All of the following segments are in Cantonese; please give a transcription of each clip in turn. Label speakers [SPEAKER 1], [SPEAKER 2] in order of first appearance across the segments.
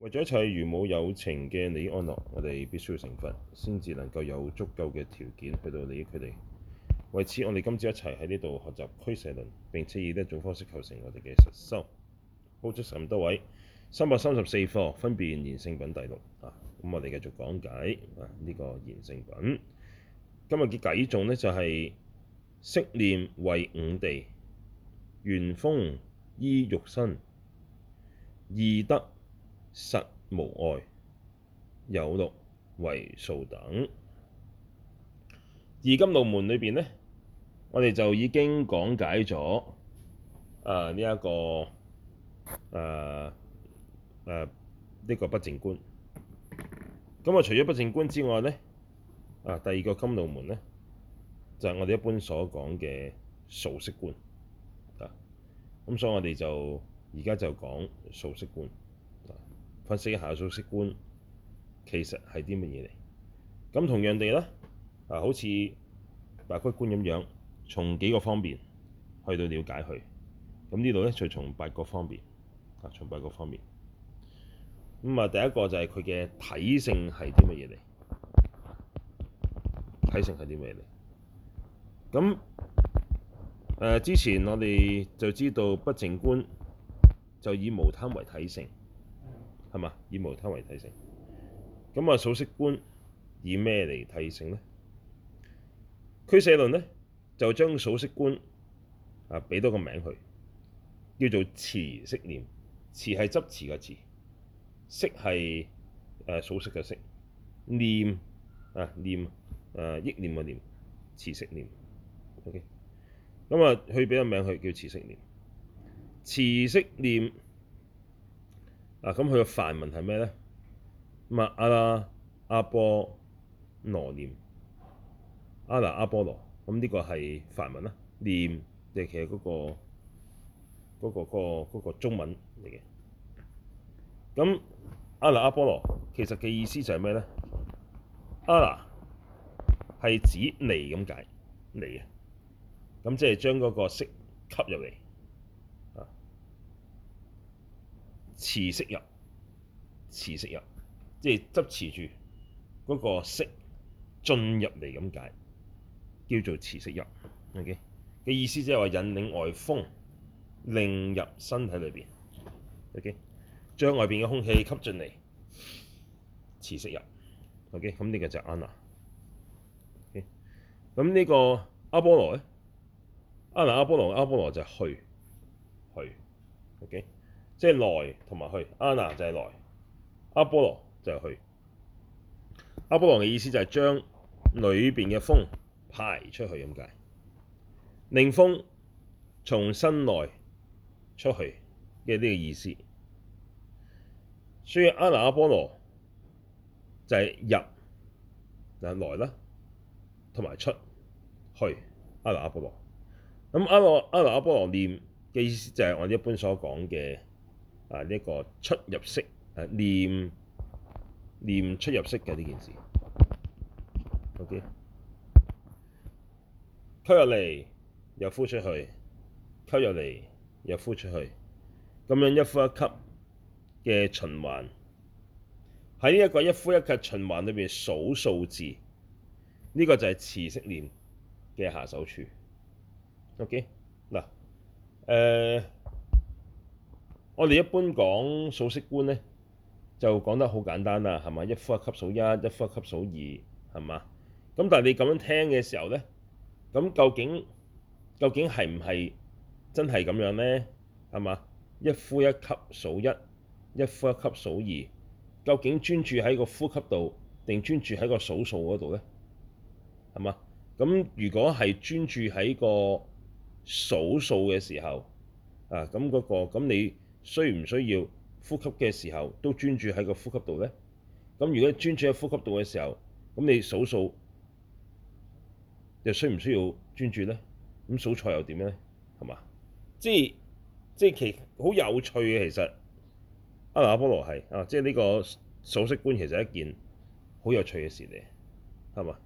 [SPEAKER 1] 為咗一切如母有情嘅利益安樂，我哋必須要成佛，先至能夠有足夠嘅條件去到利益佢哋。為此，我哋今次一齊喺呢度學習俱舍論，並且以呢一種方式構成我哋嘅實修。好，出席咁多位，三百三十四課，分別賢聖品第六啊。咁我哋繼續講解啊呢、這個賢聖品。今日嘅偈眾呢，就係、是、息念慧五地，緣風依欲身，二得。實無外，有六謂數等。而甘露門裏邊呢，我哋就已經講解咗誒呢一個誒誒呢個不淨觀。咁啊，除咗不淨觀之外呢，啊第二個甘露門呢，就係、是、我哋一般所講嘅數息觀啊。咁所以我，我哋就而家就講數息觀。分析一下數息觀，其實係啲乜嘢嚟？咁同樣地啦，啊，好似白骨觀咁樣，從幾個方面去到了解佢。咁呢度咧，就從八個方面，啊，從八個方面。咁啊，第一個就係佢嘅體性係啲乜嘢嚟？體性係啲乜嘢嚟？咁誒、呃，之前我哋就知道不淨觀就以無貪為體性。係嘛？以無貪為體性。咁啊，數息觀以咩嚟體性呢？俱舍論呢，就將數息觀啊俾多個名佢，叫做持息念。持係執持嘅持，色息係誒數息嘅息。念啊念誒、啊、憶念嘅念，持息念。OK。咁啊，佢俾個名佢叫持息念。持息念。嗱，咁佢個梵文係咩咧？啊，阿那阿波那念，阿那阿波那，咁呢個係梵文啦。念，誒其實嗰個嗰個個中文嚟嘅。咁阿那阿波那其實嘅意思就係咩咧？阿那係指嚟咁解嚟嘅，咁即係將嗰個息吸入嚟。持息入，持息入，即係執持住嗰個息進入嚟咁解，叫做持息入。OK，嘅意思即係話引領外風，令入身體裏邊。OK，將外邊嘅空氣吸進嚟，持息入。OK，咁呢個就係阿那。OK，咁呢個阿波那咧，阿那阿波那阿波那就係去。去。OK。即係來同埋去。阿拿就係來，阿波羅就係去。阿波羅嘅意思就係將裏邊嘅風排出去咁解。令風從身內出去嘅呢個意思。所以阿拿阿波羅就係入入來啦，同埋出去。阿拿阿波羅咁，阿拿阿拿阿波羅念嘅意思就係我一般所講嘅。啊！呢、這、一個出入息誒、啊、念念出入息嘅呢件事，OK，吸入嚟，又呼出去，吸入嚟，又呼出去，咁樣一呼一吸嘅循環，喺呢一個一呼一吸循環裏邊數數字，呢、這個就係持息念嘅下手處，OK，嗱，誒、呃。我哋一般講數息觀呢，就講得好簡單啦，係嘛？一呼一吸數一，一呼一吸數二，係嘛？咁但係你咁樣聽嘅時候呢，咁究竟究竟係唔係真係咁樣呢？係嘛？一呼一吸數一，一呼一吸數二，究竟專注喺個呼吸度定專注喺個數數嗰度呢？係嘛？咁如果係專注喺個數數嘅時候，啊咁嗰個咁你？需唔需要呼吸嘅時候都專注喺個呼吸度咧？咁如果專注喺呼吸度嘅時候，咁你數數又需唔需要專注咧？咁數菜又點咧？係嘛？即係即係其好有趣嘅，其實阿那阿波那係啊，即係呢個數息觀其實係一件好有趣嘅事嚟，係嘛？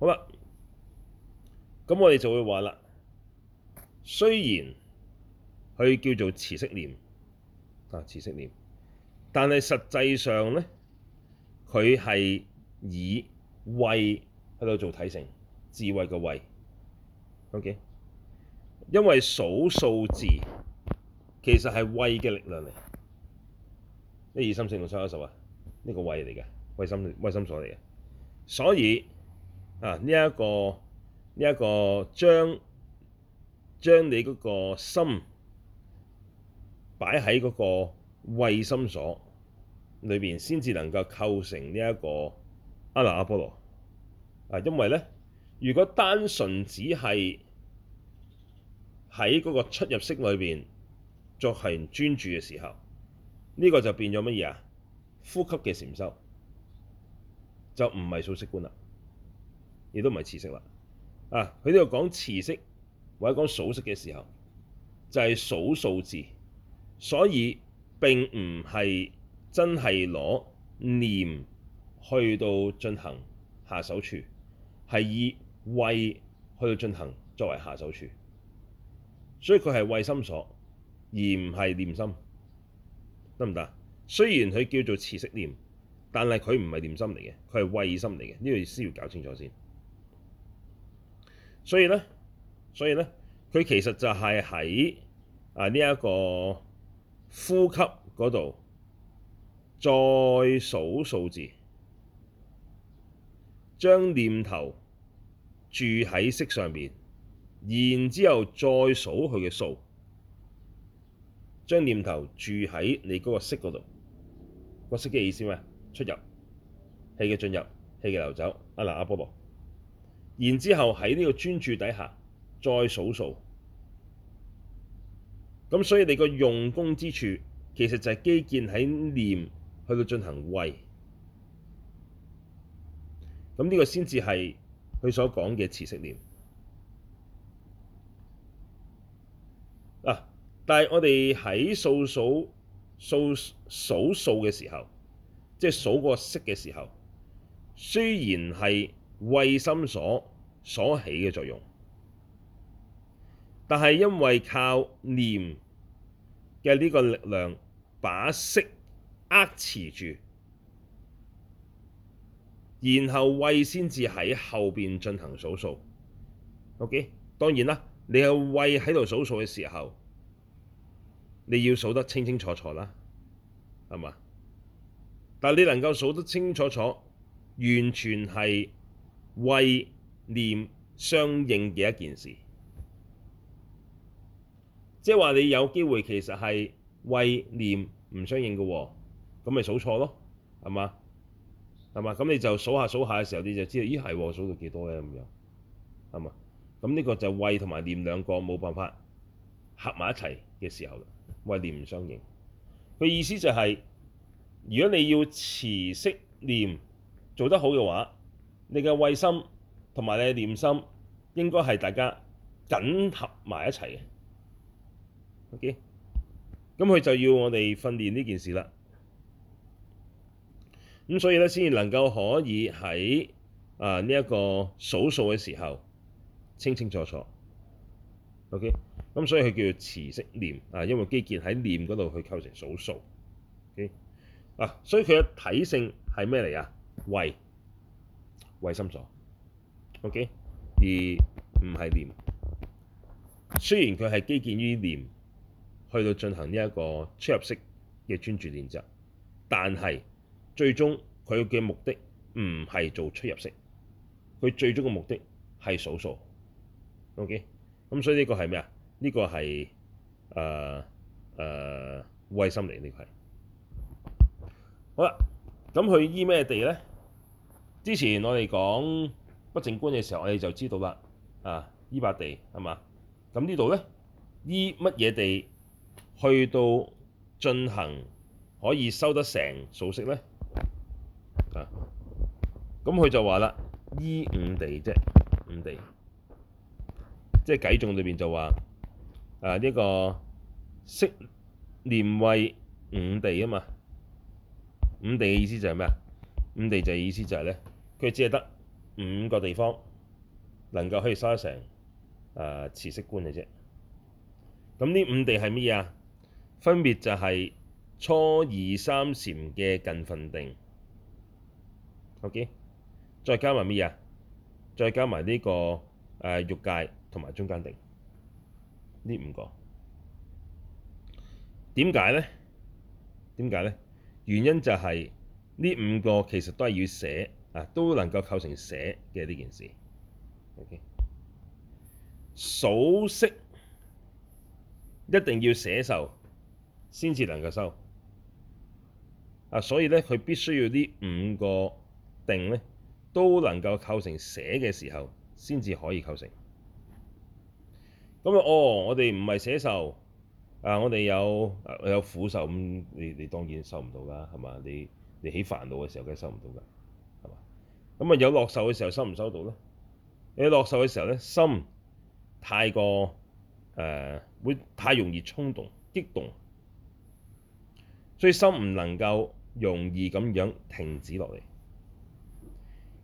[SPEAKER 1] 好啦，咁我哋就會話啦，雖然。佢叫做持息念，啊持息念，但係實際上咧，佢係以慧喺度做體性，智慧嘅慧，OK？因為數數字其實係慧嘅力量嚟，一二三四六七八十啊，呢個慧嚟嘅，慧心慧心所嚟嘅，所以啊呢一個呢一個將將你嗰個心。擺喺嗰個慧心所裏邊，先至能夠構成呢一個阿那阿波那。啊，因為咧，如果單純只係喺嗰個出入息裏邊作行專注嘅時候，呢、這個就變咗乜嘢啊？呼吸嘅禪修就唔係數息觀啦，亦都唔係持息啦。啊，佢呢度講持息，或者講數息嘅時候，就係、是、數數字。所以並唔係真係攞念去到進行下手處，係以慧去到進行作為下手處，所以佢係慧心所，而唔係念心，得唔得？雖然佢叫做持息念，但係佢唔係念心嚟嘅，佢係慧心嚟嘅，呢個意思要搞清楚先。所以呢，所以呢，佢其實就係喺啊呢一、這個。呼吸嗰度，再數數字，將念頭住喺息上面，然之後再數佢嘅數，將念頭住喺你嗰個息嗰度。個息嘅意思咩？出入，氣嘅進入，氣嘅流走。阿那阿波那，然之後喺呢個專注底下再數數。咁所以你個用功之處，其實就係基建喺念去到進行慧，咁、這、呢個先至係佢所講嘅持息念。嗱、啊，但係我哋喺數數數數數嘅時候，即係數個息嘅時候，雖然係慧心所所起嘅作用。但係因為靠念嘅呢個力量把息握持住，然後慧先至喺後邊進行數數。OK，當然啦，你係慧喺度數數嘅時候，你要數得清清楚楚啦，係嘛？但係你能夠數得清清楚楚，完全係慧念相應嘅一件事。即係話你有機會其實係慧念唔相應嘅喎，咁咪數錯咯，係嘛？係嘛？咁你就數下數下嘅時候，你就知道，咦、哎、係，數到幾多咧咁樣，係嘛？咁呢個就慧同埋念兩個冇辦法合埋一齊嘅時候，慧念唔相應。佢意思就係、是，如果你要持息念做得好嘅話，你嘅慧心同埋你嘅念心應該係大家緊合埋一齊嘅。O.K. 咁佢就要我哋訓練呢件事啦。咁所以呢，先能夠可以喺啊呢一個數數嘅時候清清楚楚。O.K. 咁所以佢叫做持息念啊，因為基建喺念嗰度去構成數數。O.K. 啊，所以佢嘅體性係咩嚟啊？慧、慧心所。O.K. 而唔係念。雖然佢係基建於念，去到進行呢一個出入息嘅專注練習，但係最終佢嘅目的唔係做出入息，佢最終嘅目的係數數。OK，咁所以呢個係咩啊？呢個係誒誒慧心嚟，呢個係。好啦，咁去依咩地咧？之前我哋講不淨觀嘅時候，我哋就知道啦。啊，依八地係嘛？咁呢度咧依乜嘢地？去到進行可以收得成數息咧啊！咁佢就話啦：依五地啫，五地即係偈頌裏邊就話誒呢個息念慧五地啊嘛。五地嘅意思就係咩啊？五地就係意思就係咧，佢只係得五個地方能夠可以收得成誒、啊、持息觀嘅啫。咁呢五地係乜嘢啊？分別就係初二三禪嘅近分定，OK，再加埋乜嘢？再加埋呢個誒欲界同埋中間定，呢五個點解咧？點解咧？原因就係呢五個其實都係要捨啊，都能夠構成捨嘅呢件事。OK，數息一定要捨受。先至能夠修啊，所以咧佢必須要呢五個定咧都能夠構成捨嘅時候，先至可以構成。咁啊，哦，我哋唔係捨受啊，我哋有有苦受，咁你你當然修唔到啦，係嘛？你你起煩惱嘅時、時候，梗係修唔到㗎，係嘛？咁啊，有樂受嘅時候修唔修到咧？你樂受嘅時候咧，心太過誒、呃、會太容易衝動激動。所以心唔能夠容易咁樣停止落嚟，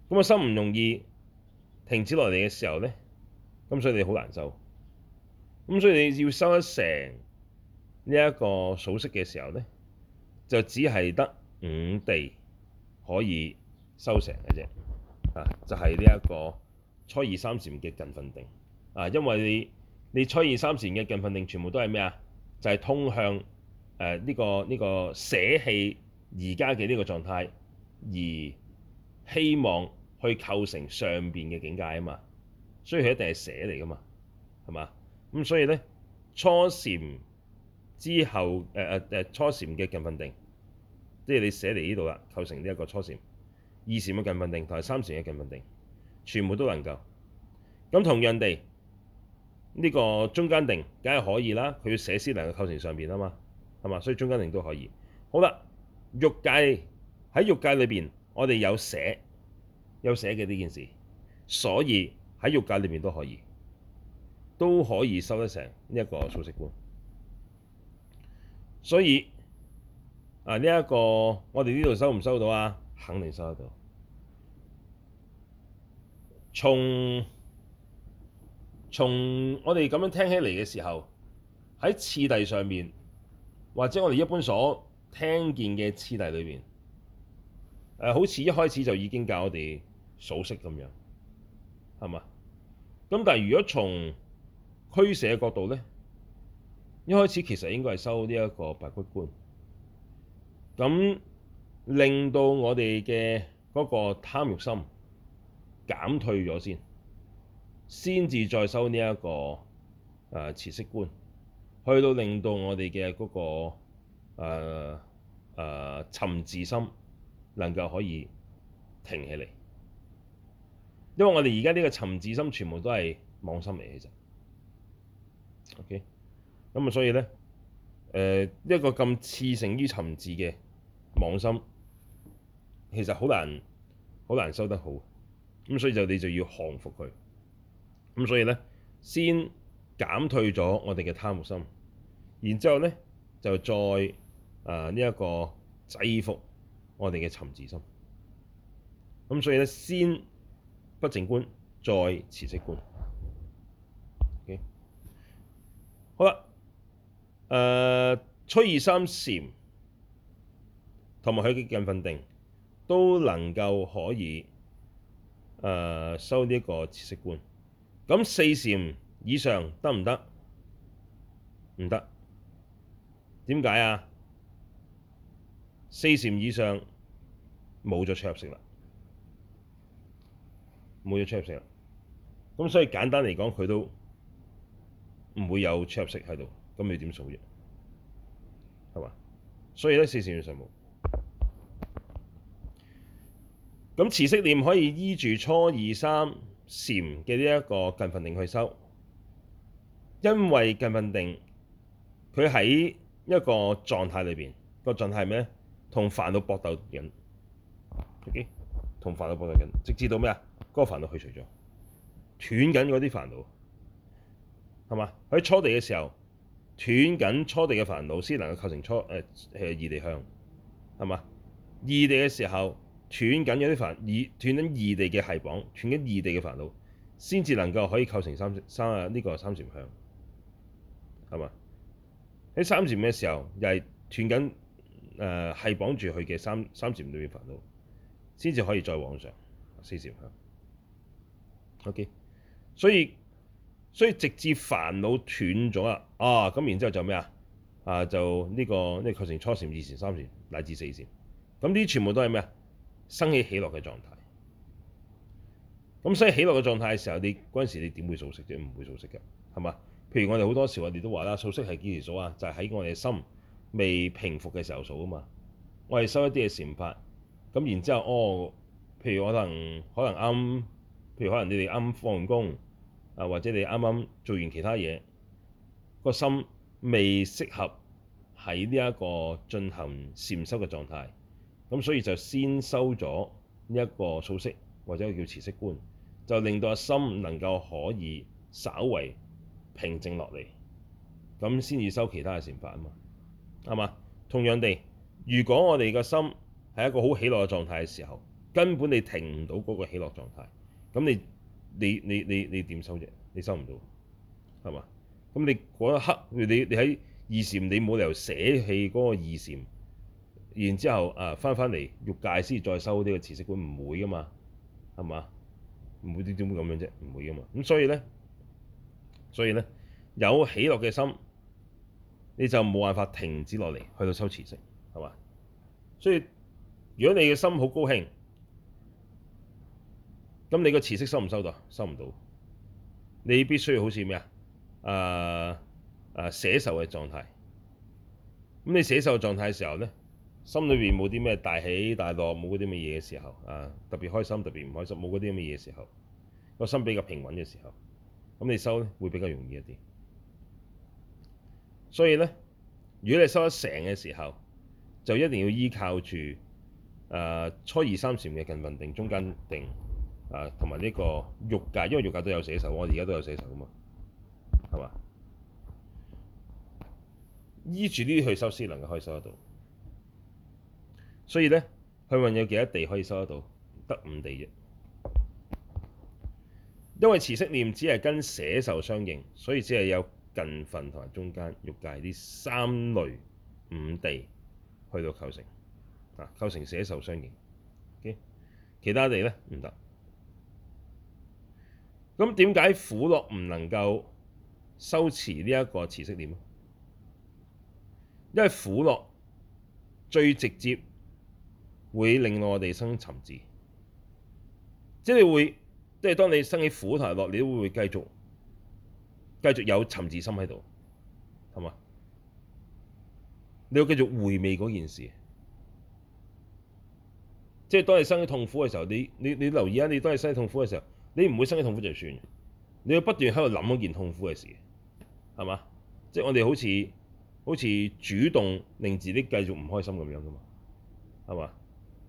[SPEAKER 1] 咁啊心唔容易停止落嚟嘅時候咧，咁所以你好難修，咁所以你要修得成呢一個數息嘅時候咧，就只係得五地可以修成嘅啫，啊，就係呢一個初二三禪嘅近分定，啊，因為你你初二三禪嘅近分定全部都係咩啊？就係、是、通向誒、呃、呢、這個呢、這個捨棄而家嘅呢個狀態，而希望去構成上邊嘅境界啊嘛，所以佢一定係捨嚟噶嘛，係嘛咁？所以咧初禪之後，誒誒誒初禪嘅近分定，即、就、係、是、你捨嚟呢度啦，構成呢一個初禪二禪嘅近分定同埋三禪嘅近分定，全部都能夠咁。同樣地，呢、這個中間定梗係可以啦，佢要捨先能夠構成上邊啊嘛。係嘛？所以中間定都可以。好啦，欲界喺欲界裏邊，我哋有寫有寫嘅呢件事，所以喺欲界裏面都可以都可以收得成呢一個數息觀。所以啊，呢、這、一個我哋呢度收唔收到啊？肯定收得到。從從我哋咁樣聽起嚟嘅時候，喺次第上面，或者我哋一般所聽見嘅次第裏面，誒、好似一開始就已經教我哋數息咁樣，係嘛？咁但係如果從俱舍角度咧，一開始其實應該係修呢一個白骨觀，咁令到我哋嘅嗰個貪慾心減退咗先，先至再修呢一個誒持息觀。去到令到我哋嘅嗰個誒、呃呃、沉智心能夠可以停起嚟，因為我哋而家呢個沉智心全部都係妄心嚟，嘅。其實，OK，咁啊，所以咧，誒、呃、一個咁恥誠於沉智嘅妄心，其實好難好難收得好，咁所以就你就要降服佢，咁所以咧先。減退咗我哋嘅貪慾心，然之後咧就再啊，呢一個制服我哋嘅尋伺心。咁所以咧先不淨觀，再持息觀。Okay? 好啦，誒、呃、初二三禪同埋佢嘅近分定都能夠可以誒修呢個持息觀。咁四禪以上得唔得？唔得。點解啊？四禪以上冇咗出入息啦，冇咗出入息啦。咁所以簡單嚟講，佢都唔會有出入息喺度。咁你點數啫？係嘛？所以咧，四禪以上冇。咁持息念可以依住初二三禪嘅呢一個近分定去修。因為近分定，佢喺一個狀態裏邊，個狀態咩同煩惱搏鬥緊，同、okay? 煩惱搏鬥緊，直至到咩啊？嗰、嗰個煩惱去除咗，斷緊嗰啲煩惱，係嘛？喺初地嘅時候，斷緊初地嘅煩惱，先能夠構成初誒誒二地向，係嘛？二地嘅時候，斷緊嗰啲煩異斷緊二地嘅繫縛，斷緊二地嘅煩惱，先至能夠可以構成三三啊呢個三禪向。係嘛？喺三善念嘅時候，又係斷緊誒，係、呃、綁住佢嘅三三善念裏面煩惱，先至可以再往上四善念。OK，所以所以直至煩惱斷咗啊！啊咁，然之後就咩啊？啊就呢、這個呢、這個構成初善、二善、三善乃至四善。咁呢啲全部都係咩啊？生起起落嘅狀態。咁所以起落嘅狀態嘅時候，你嗰陣時你點會造業啫？唔會造業嘅，係嘛？譬如我哋好多時，我哋都話啦，數息係幾時數啊？就係、是、喺我哋心未平復嘅時候數啊嘛。我係收一啲嘅禪法，咁然之後，哦，譬如可能可能啱，譬如可能你哋啱放完工啊，或者你啱啱做完其他嘢，個心未適合喺呢一個進行禪修嘅狀態，咁所以就先收咗呢一個數息，或者叫持息觀，就令到個心能夠可以稍為，平靜落嚟，咁先至收其他嘅禪法啊嘛，係嘛？同樣地，如果我哋嘅心係一個好喜樂嘅狀態嘅時候，根本你停唔到嗰個喜樂狀態，咁你你你你你點收啫？你收唔到，係嘛？咁你嗰一刻你你喺二禪，你冇理由捨棄嗰個二禪，然之後啊翻翻嚟欲界先再收呢個持息觀，唔會噶嘛，係嘛？唔會點點會咁樣啫，唔會噶嘛。咁所以咧。所以咧，有喜樂嘅心，你就冇辦法停止落嚟去到收持息，係嘛？所以如果你嘅心好高興，咁你個持息收唔收到？收唔到。你必須好似咩啊？誒誒捨受嘅狀態。咁你捨受狀態嘅時候咧，心裏邊冇啲咩大喜大樂，冇啲咩嘢嘅時候啊，特別開心、特別唔開心，冇嗰啲咁嘅嘢時候，個心比較平穩嘅時候。咁你修咧會比較容易一啲，所以咧，如果你修得成嘅時候，就一定要依靠住誒、呃、初二三禪嘅近分定、中間定啊，同埋呢個欲界，因為欲界都有捨受，我而家都有捨受啊嘛，係嘛？依住呢啲去修先能夠可以修得到，所以咧，去運有幾多地可以修得到？得五地啫。因為持息念只係跟捨受相應，所以只係有近分同埋中間欲界呢三類五地去到構成，啊構成捨受相應。Okay? 其他地呢？唔得。咁點解苦樂唔能夠修持呢一個持息念？因為苦樂最直接會令到我哋生尋伺，即係會。即係當你生起苦同樂，你都會繼續繼續有沉住心喺度，係嘛？你要繼續回味嗰件事。即係當你生起痛苦嘅時候，你你你留意下，你當你生起痛苦嘅時候，你唔會生起痛苦就算，你要不斷喺度諗一件痛苦嘅事，係嘛？即係我哋好似好似主動令自己繼續唔開心咁樣，咁啊，係嘛？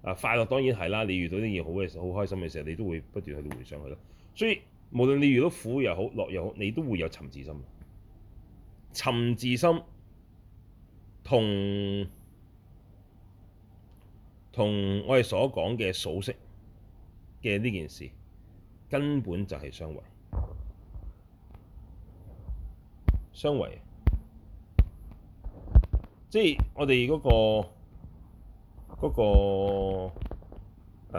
[SPEAKER 1] 啊！快樂當然係啦，你遇到啲嘢好嘅好開心嘅時候，你都會不斷喺度回想佢咯。所以無論你遇到苦又好，樂又好，你都會有尋伺心。尋伺心同同我哋所講嘅數息嘅呢件事根本就係相違，相違。即係我哋嗰個。嗰、嗰個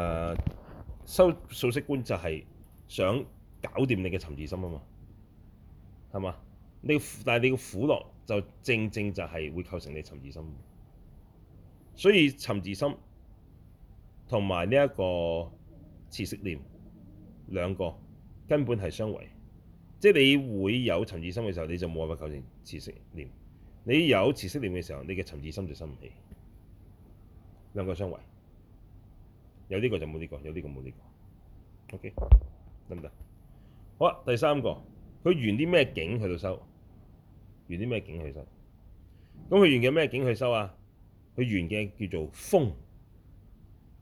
[SPEAKER 1] 誒數息觀就係想搞掂你嘅尋伺心啊嘛，係嘛？你但係你嘅苦樂就正正就係會構成你尋伺心，所以尋伺心同埋呢一個持息念兩個根本係相違，即係你會有尋伺心嘅時候，你就冇辦法構成持息念；你有持息念嘅時候，你嘅尋伺心就生唔起。兩個相違，有呢個就冇呢個，有呢個冇呢個。O K，得唔得？好啊，第三個，佢緣啲咩境去到收？緣啲咩境去收？咁佢緣嘅咩境去收啊？佢緣嘅叫做風，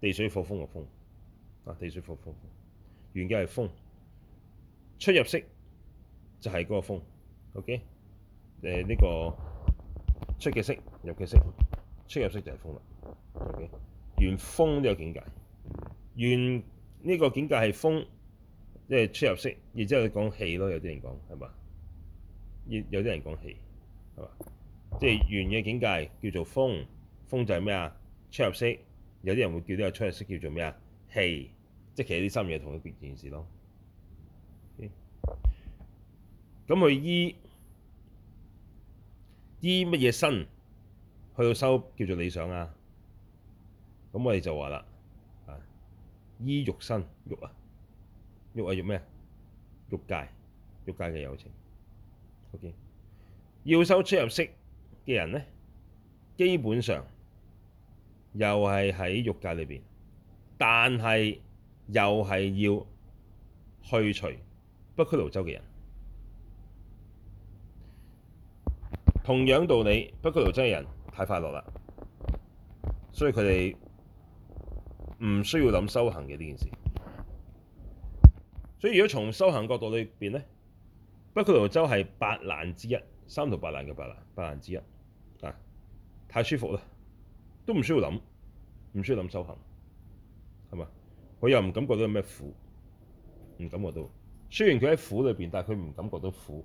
[SPEAKER 1] 地水火風嘅風，啊，地水火風，緣嘅係風，出入息就係嗰個風。O K，誒呢個出嘅息，入嘅息，出入息就係風啦。緣風呢個境界，緣呢個境界係風，即、就、係、是、出入息，然之後你講氣咯，有啲人講係嘛，有，有啲人講氣係嘛，即係緣嘅境界叫做風，風就係咩啊？出入息。有啲人會叫呢個出入息叫做咩啊？氣，即係其實啲心語係同一件事咯。咁、okay? 去依依乜嘢身去到修叫做理想啊？咁我哋就話啦，醫身啊，依欲身欲啊，欲啊欲咩啊？欲界，欲界嘅友情。OK，要修出入息嘅人呢，基本上又係喺欲界裏面，但係又係要去除北俱盧洲嘅人。同樣道理，北俱盧洲嘅人太快樂啦，所以佢哋，唔需要諗修行嘅呢件事，所以如果從修行角度裏邊咧，北俱盧洲係八難之一，三途八難嘅八難，八難之一啊，太舒服啦，都唔需要諗，唔需要諗修行，係嘛？佢又唔感覺到有咩苦，唔感覺到，雖然佢喺苦裏邊，但係佢唔感覺到苦。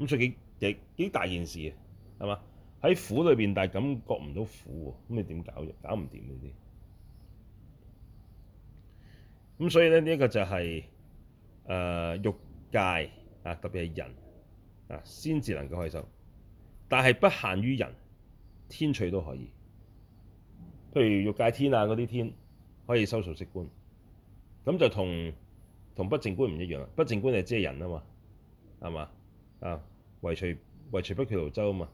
[SPEAKER 1] 咁所以幾幾幾大件事啊，係嘛？喺苦裏邊，但係感覺唔到苦，咁你點搞？搞唔掂呢啲。咁所以咧，呢、這、一個就係誒欲界啊，特別係人啊，先至能夠開修，但係不限於人，天趣都可以。譬如欲界天啊，嗰啲天可以修數息觀，咁就同同不淨觀唔一樣啦。不淨觀就即係人啊嘛，係嘛啊？唯除唯除北俱盧洲啊嘛。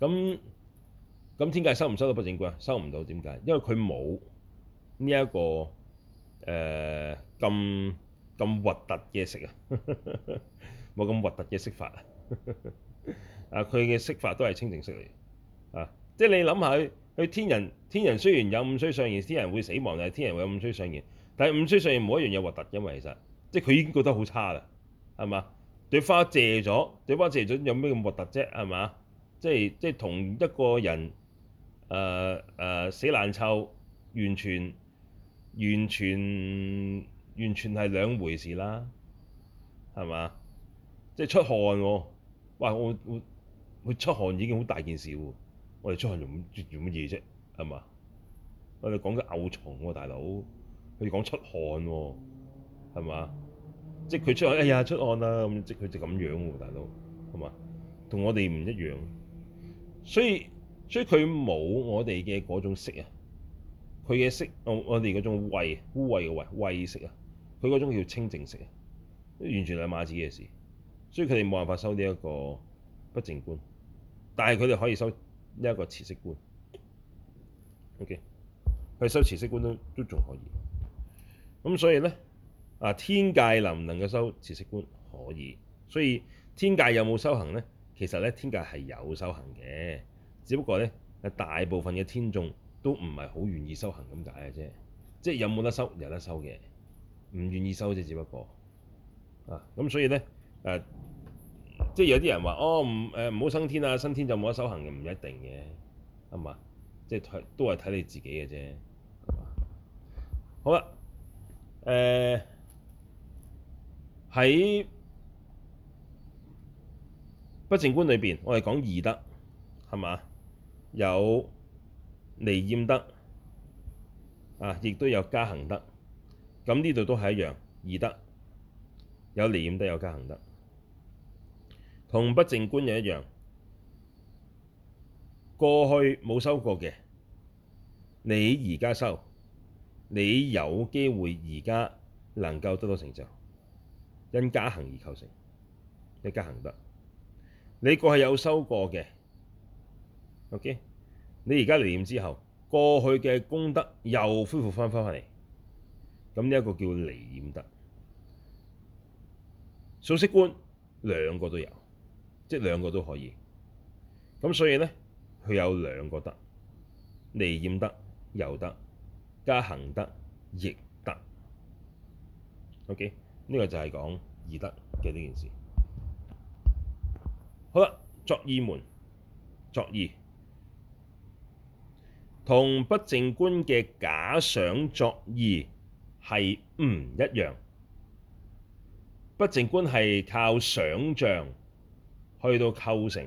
[SPEAKER 1] 咁咁天界收唔收到不淨觀啊？收唔到點解？因為佢冇呢一個。誒咁咁核突嘅色啊！冇咁核突嘅色法啊！啊，佢嘅色法都係清淨色嚟嘅啊！即係你諗下，佢天人天人雖然有五衰上現，天人會死亡，但係天人會有五衰上現，但係五衰上現冇一樣嘢核突，因為其實即係佢已經覺得好差啦，係嘛？對花謝咗，對花謝咗有咩咁核突啫？係嘛？即係即係同一個人誒誒、呃呃、死爛臭完全。完全完全係兩回事啦，係嘛？即係出汗喎，喂，我我出汗已經好大件事喎，我哋出汗做乜嘢啫？係嘛？我哋講緊牛蟲喎，大佬，佢講出汗喎，係嘛？即係佢出汗，哎呀，出汗啦咁，即係佢就咁樣喎，大佬，係嘛？同我哋唔一樣，所以所以佢冇我哋嘅嗰種識啊。佢嘅色，哦、我我哋嗰種穢污穢嘅穢穢色啊，佢嗰種叫清淨色啊，完全兩碼子嘅事，所以佢哋冇辦法修呢一個不淨觀，但係佢哋可以修呢一個持息觀，OK，佢修持息觀都都仲可以，咁所以呢，啊天界能唔能夠修持息觀？可以，所以天界有冇修行呢？其實呢，天界係有修行嘅，只不過呢，大部分嘅天眾。都唔係好願意修行咁解嘅啫。即係有冇得收，有得收嘅，唔願意收啫，只不過啊咁，所以咧誒、呃，即係有啲人話哦唔誒唔好生天啊，生天就冇得修行嘅。唔一定嘅，係嘛？即係睇都係睇你自己嘅啫。係嘛？好啦，誒、呃、喺不淨觀裏邊，我哋講二得係嘛，有離染得，啊，亦都有加行得。咁呢度都係一樣二得，有離染得，有加行得。同不淨觀又一樣。過去冇修過嘅，你而家修，你有機會而家能夠得到成就，因加行而構成，你加行得，你個係有修過嘅，OK。你而家離染之後，過去嘅功德又恢復翻返嚟，咁呢一個叫離染得。數息觀兩個都有，即兩個都可以，咁所以呢，佢有兩個得，離染得又得，加行得亦得。O.K. 呢個就係講二得嘅呢件事。好啦，作意門作意。同不淨觀嘅假想作意係唔一樣，不淨觀係靠想象去到構成，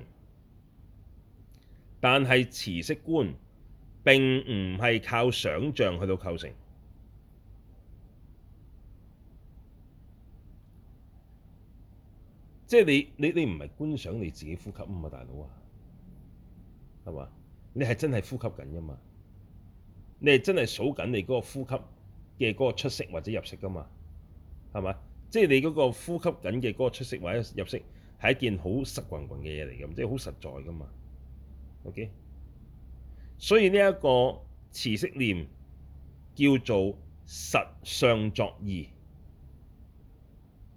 [SPEAKER 1] 但係持息觀並唔係靠想象去到構成，即係你你你唔係觀賞你自己呼吸啊嘛，大佬啊，係嘛？你係真係呼吸緊噶嘛？你係真係數緊你嗰個呼吸嘅嗰個出息或者入息噶嘛，係嘛？即係你嗰個呼吸緊嘅嗰個出息或者入息係一件好實混混嘅嘢嚟㗎，即係好實在㗎嘛。OK，所以呢一個持息念叫做實相作意，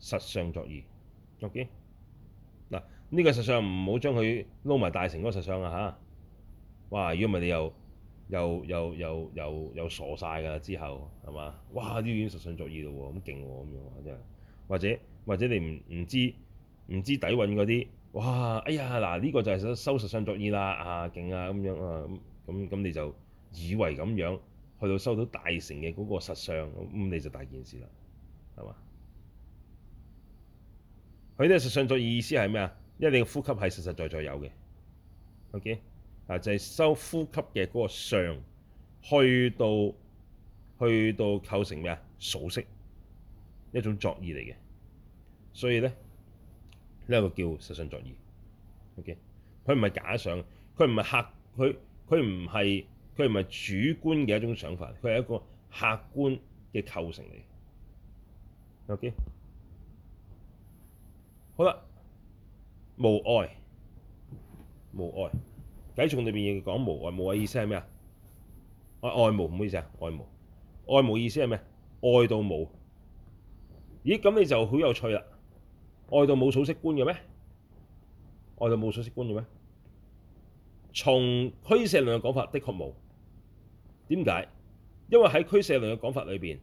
[SPEAKER 1] 實相作意。OK，嗱呢個實相唔好將佢撈埋大乘嗰個實相啊吓？哇，如果唔係你又～又又又又又傻晒㗎之後係嘛？哇！呢啲已經實相作意咯喎，咁勁喎咁樣，真係、啊、或者或者你唔唔知唔知底蘊嗰啲，哇！哎呀嗱，呢、這個就係收實相作意啦，啊勁啊咁樣啊咁咁咁你就以為咁樣去到收到大成嘅嗰個實相，咁你就大件事啦，係嘛？佢呢實相作意意思係咩啊？因為你嘅呼吸係實實在在有嘅，OK。啊！就係、是、收呼吸嘅嗰個相，去到去到構成咩啊？數息，一種作意嚟嘅，所以咧呢一、這個叫實相作意。O.K.，佢唔係假想，佢唔係客，佢佢唔係佢唔係主觀嘅一種想法，佢係一個客觀嘅構成嚟。O.K.，好啦，無愛，無愛。偈頌裏邊講無外無嘅意思係咩啊？外無唔好意思啊，外無外無意思係咩？外道冇」咦，咁你就好有趣啦！外道冇數息觀」嘅咩？外道冇數息觀」嘅咩？從俱舍論嘅講法的確冇。點解？因為喺俱舍論嘅講法裏邊，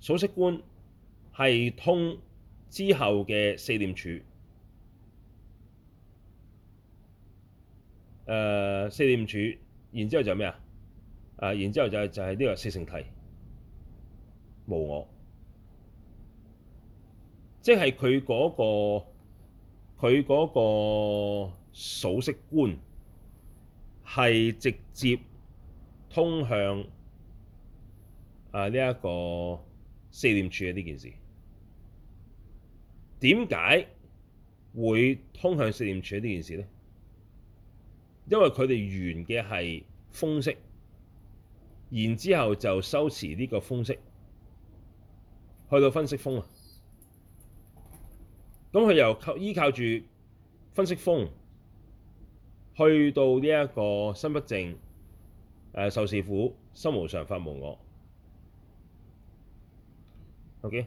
[SPEAKER 1] 數息觀係通之後嘅四念處。誒、呃、四念處，然之後就咩啊？誒，然之後就係、是、就係、是、呢、這個四聖諦無我，即係佢嗰個佢嗰個數息觀係直接通向啊呢一個四念處嘅呢件事，點解會通向四念處呢件事咧？因為佢哋緣嘅係風息，然之後就收持呢個風息，去到分析風啊。咁佢又靠依靠住分析風，去到呢一個身不淨、誒，受是苦，心無常，法無我。OK，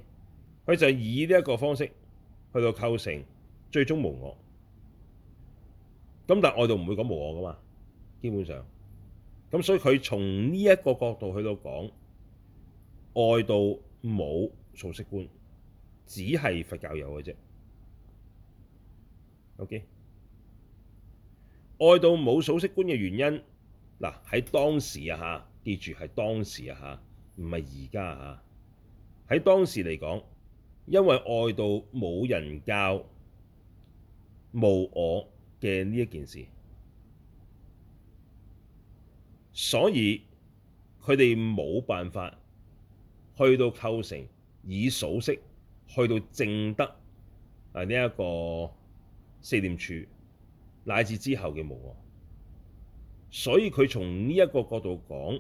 [SPEAKER 1] 佢就以呢一個方式去到構成最終無我。咁但係外道唔會講無我噶嘛，基本上，咁所以佢從呢一個角度去到講外道冇數息觀，只係佛教有嘅啫。OK，外道冇數息觀嘅原因，嗱喺當時啊吓，記住係當時啊吓，唔係而家啊吓，喺當時嚟講，因為外道冇人教無我。嘅呢一件事，所以佢哋冇辦法去到構成以數息去到證得啊呢一個四念處乃至之後嘅無我，所以佢從呢一個角度講，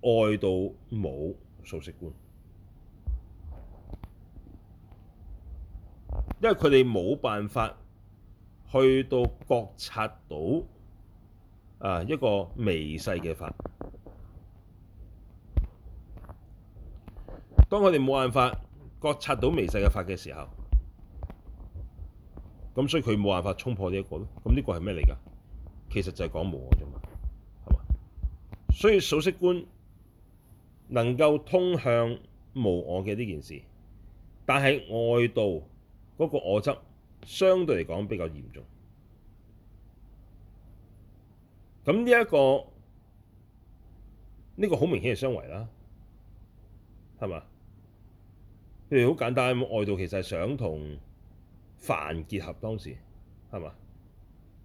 [SPEAKER 1] 外道冇數息觀，因為佢哋冇辦法。去到覺察到啊一個微細嘅法，當佢哋冇辦法覺察到微細嘅法嘅時候，咁所以佢冇辦法衝破呢、這、一個咯。咁呢個係咩嚟㗎？其實就係講無我啫嘛，係嘛？所以數息觀能夠通向無我嘅呢件事，但係外道嗰、那個我執。相對嚟講比較嚴重，咁呢一個呢、這個好明顯嘅相違啦，係嘛？譬如好簡單，外道其實想同梵結合當時，係嘛？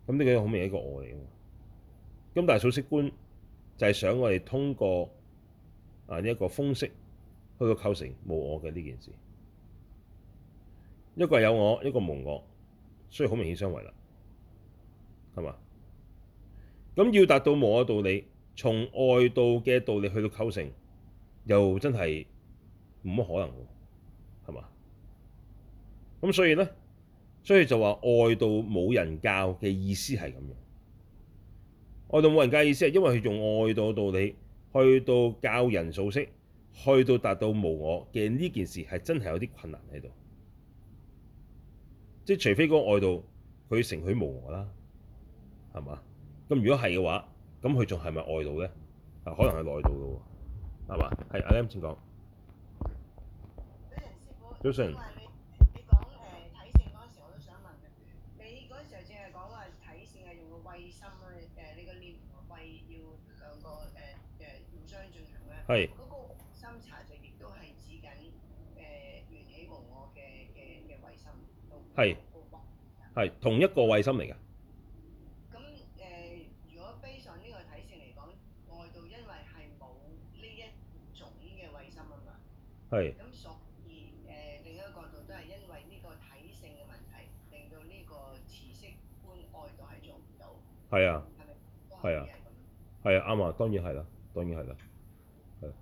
[SPEAKER 1] 咁呢個好明顯一個我嚟嘅，咁但係數息觀就係想我哋通過啊呢一、這個方式去到構成無我嘅呢件事。一個係有我，一個無我，所以好明顯相違啦，係嘛？咁要達到無我道理，從外道嘅道理去到構成，又真係冇乜可能，係嘛？咁所以呢，所以就話外道冇人教嘅意思係咁樣，外道冇人教意思係因為佢用外道道理去到教人數息，去到達到無我嘅呢件事係真係有啲困難喺度。即係除非嗰個外道佢承許無我啦，係嘛？咁如果係嘅話，咁佢仲係咪外道咧？啊，可能係內道咯，係嘛？係阿 M 先講。早晨，你你講體性嗰時，我都想問你，你嗰時淨係講話體性係用個慧心啊？誒，你個念同個慧要兩個誒誒互相進行咧。係。係係同一個衛生嚟㗎。咁、嗯、誒、嗯呃，如果飛上呢個體性嚟講，外道因為係冇呢一種嘅衛生啊嘛。係。咁所以誒，另一個角度都係因為呢個體性嘅問題，令到呢個持息觀外道都係做唔到。係啊。係咪？係啊。係、嗯、啊，啱啊，當然係啦，當然係啦。係、啊。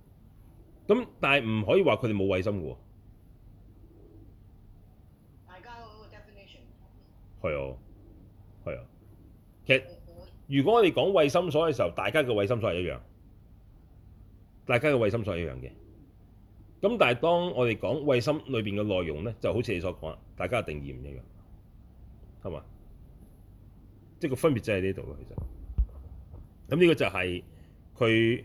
[SPEAKER 1] 咁但係唔可以話佢哋冇衛生㗎喎。係啊，係啊。其實，如果我哋講慧心所嘅時候，大家嘅慧心所係一樣，大家嘅慧心所係一樣嘅。咁但係當我哋講慧心裏邊嘅內容咧，就好似你所講啦，大家嘅定義唔一樣，係嘛？即係個分別就喺呢度咯，其實。咁呢個就係佢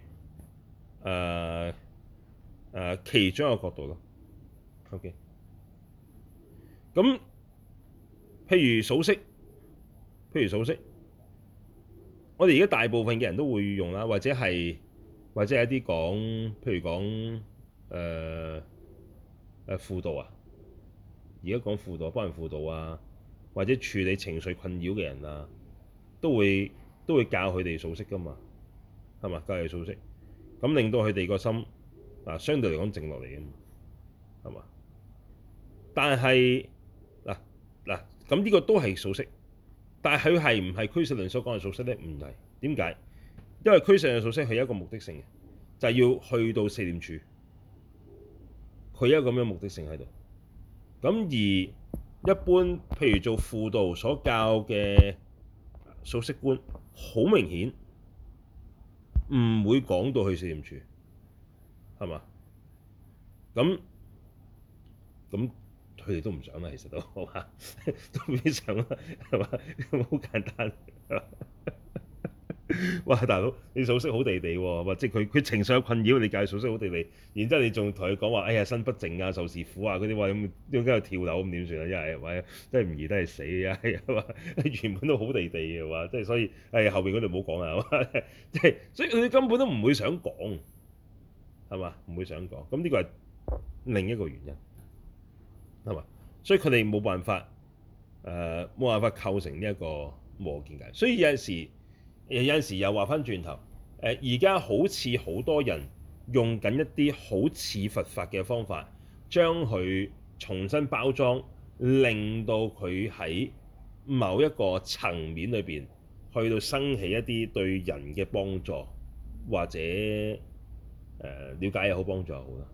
[SPEAKER 1] 誒誒其中一個角度咯。OK。咁。譬如數息，譬如數息，我哋而家大部分嘅人都會用啦，或者係，或者係一啲講，譬如講誒誒、呃啊、輔導啊，而家講輔導，幫人輔導啊，或者處理情緒困擾嘅人啊，都會都會教佢哋數息噶嘛，係嘛？教佢哋數息，咁令到佢哋個心嗱、啊、相對嚟講靜落嚟嘅嘛，係嘛？但係嗱嗱。啊啊咁呢個都係數息，但係佢係唔係俱舍論所講嘅數息呢？唔係。點解？因為俱舍論數息係一個目的性嘅，就係、是、要去到四念處，佢有一個咁樣的目的性喺度。咁而一般譬如做輔導所教嘅數息觀，好明顯唔會講到去四念處，係嘛？咁咁。佢哋都唔想啦，其實都，好嘛，都唔想啦，係嘛，好簡單，係嘛，哇！大佬，你數息好地地喎，即係佢佢情緒有困擾，你介紹數息好地地，然之後你仲同佢講話，哎呀身不淨啊，受是苦啊，嗰啲話咁，點解又跳樓咁點算啊？因為，喂，真係唔易，都係死嘅，係嘛，原本都好地地嘅話，即係所以，哎呀，後邊嗰度唔好講啊，係嘛，即係，所以佢根本都唔會想講，係嘛，唔會想講，咁呢個係另一個原因。係嘛？所以佢哋冇辦法，誒、呃、冇辦法構成呢、這、一個摩見解。所以有陣時，有陣時又話返轉頭，誒而家好似好多人用緊一啲好似佛法嘅方法，將佢重新包裝，令到佢喺某一個層面裏邊，去到生起一啲對人嘅幫助，或者誒瞭、呃、解又好幫助又好啦，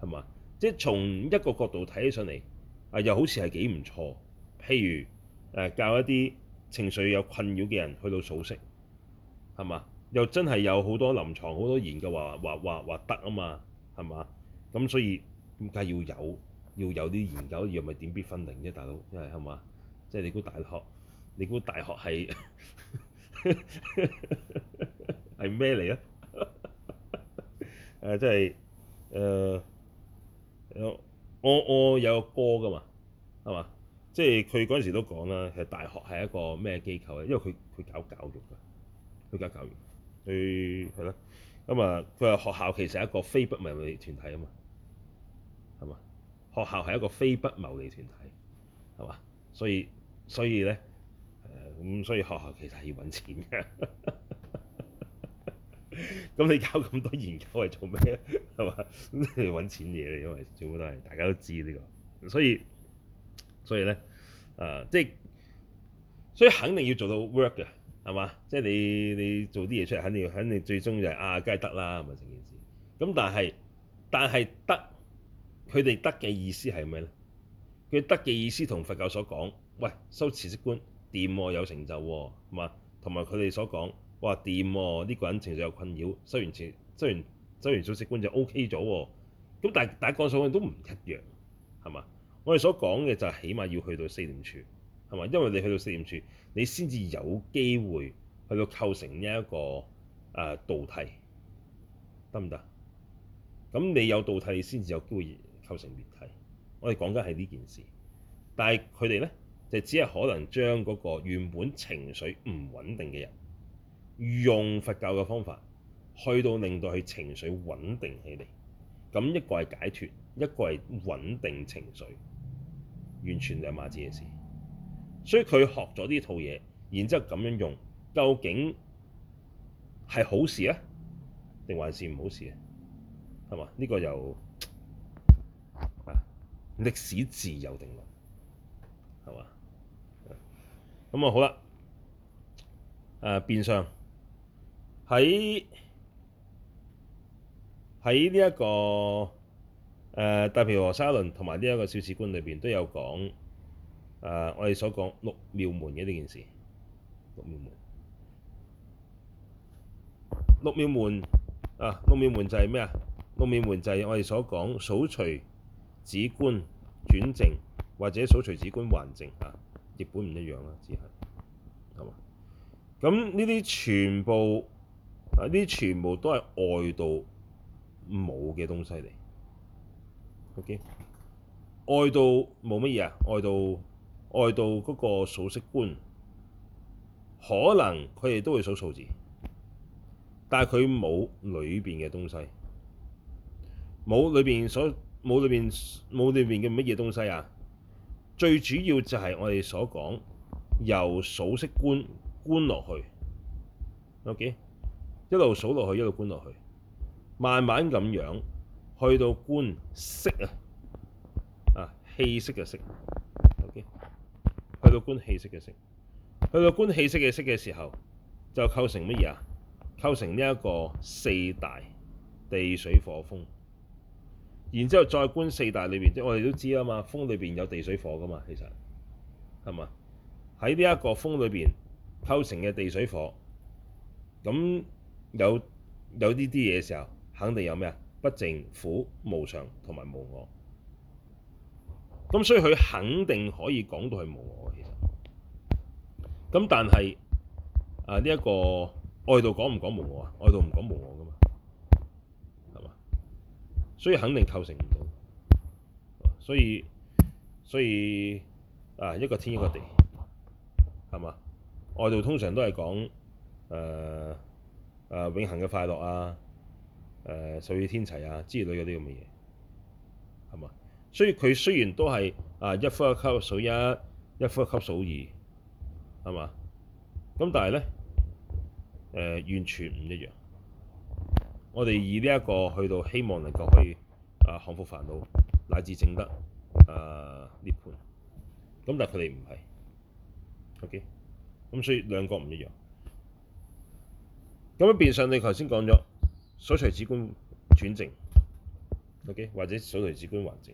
[SPEAKER 1] 係嘛？即係從一個角度睇起上嚟。啊，又好似係幾唔錯，譬如誒教一啲情緒有困擾嘅人去到數息，係嘛？又真係有好多臨床，好多研究話話話話得啊嘛，係嘛？咁所以點解要有要有啲研究，又咪點必分零啫？大佬，因為係嘛？即係、就是、你估大學，你估大學係係咩嚟咧？誒， 即係誒，呃我我有個歌噶嘛，係嘛？即係佢嗰陣時都講啦，其實大學係一個咩機構咧？因為佢佢搞教育噶，佢搞教育，佢係咯咁啊。佢話學校其實係一個非不牟利團體啊嘛，係嘛？學校係一個非不牟利團體，係嘛？所以所以咧誒咁，所以學校其實係要揾錢嘅。 咁 你搞咁多研究係做咩？係嘛，搵錢嘢嚟，因為全部都係大家都知呢、這個，所以所以咧，誒、呃，即係所以肯定要做到 work 嘅，係嘛，即係你你做啲嘢出嚟，肯定要肯定最終就係、是、啊，梗係得啦，係咪成件事？咁但係但係得，佢哋得嘅意思係咩咧？佢得嘅意思同佛教所講，喂，修持息觀掂喎，有成就喎、啊，係嘛，同埋佢哋所講。哇！掂喎、啊，呢、這個人情緒有困擾，收完錢、收完收完組織觀就 O K 咗喎。咁但係大家個數都唔一樣，係嘛？我哋所講嘅就係起碼要去到四念處，係嘛？因為你去到四念處，你先至有機會去到構成呢一個誒道諦，得唔得？咁你有道諦，你先至有機會構成滅諦。我哋講緊係呢件事，但係佢哋呢，就只係可能將嗰個原本情緒唔穩定嘅人。用佛教嘅方法去到令到佢情緒穩定起嚟，咁一個係解脫，一個係穩定情緒，完全兩碼子嘅事。所以佢學咗呢套嘢，然之後咁樣用，究竟係好事啊，定還是唔好事啊？係嘛？呢個由歷史自由定律，係嘛？咁、嗯、啊好啦，誒變相。喺喺呢一個誒大毗婆沙論同埋呢一個小止觀裏邊都有講，誒、呃，我哋所講六妙門嘅呢件事。六妙門，六妙門啊！六妙門就係咩啊？六妙門就係我哋所講數隨止觀轉淨，或者數隨止觀還淨啊。譯本唔一樣啦，只係咁嘛？咁呢啲全部。呢啲全部都係外道冇嘅東西嚟。OK，外道冇乜嘢啊？外道，外道嗰個數息觀，可能佢哋都會數數字，但係佢冇裏邊嘅東西，冇裏邊，所冇裏邊，冇裏邊嘅乜嘢東西啊。最主要就係我哋所講由數息觀觀落去。OK。一路數落去，一路觀落去，慢慢咁樣去到觀色啊，啊氣色嘅色，OK，去到觀氣色嘅色，去到觀氣色嘅色嘅時候，就構成乜嘢啊？構成呢一個四大地水火風，然之後再觀四大裏面，即我哋都知啊嘛，風裏邊有地水火噶嘛，其實係嘛？喺呢一個風裏邊構成嘅地水火，咁。有有呢啲嘢嘅時候，肯定有咩啊？不淨、苦、無常同埋無我。咁所以佢肯定可以講到係無我嘅，其實。咁但係啊，呢、這、一個外道講唔講無我啊？外道唔講無我㗎嘛，係嘛？所以肯定構成唔到。所以所以啊，一個天一個地，係嘛？外道通常都係講誒，呃誒、啊、永恆嘅快樂啊，誒歲月天齊啊之類嘅啲咁嘅嘢，係嘛？所以佢雖然都係啊一呼一吸數一，一呼一吸數二，係嘛？咁但係咧，誒完全唔一樣。我哋以呢一個去到希望能夠可以啊降伏煩惱，乃至證得誒涅槃。咁、啊、但係佢哋唔係，OK？咁所以兩個唔一樣。咁變相你頭先講咗數隨止觀轉淨，o、OK? k 或者數隨止觀還淨。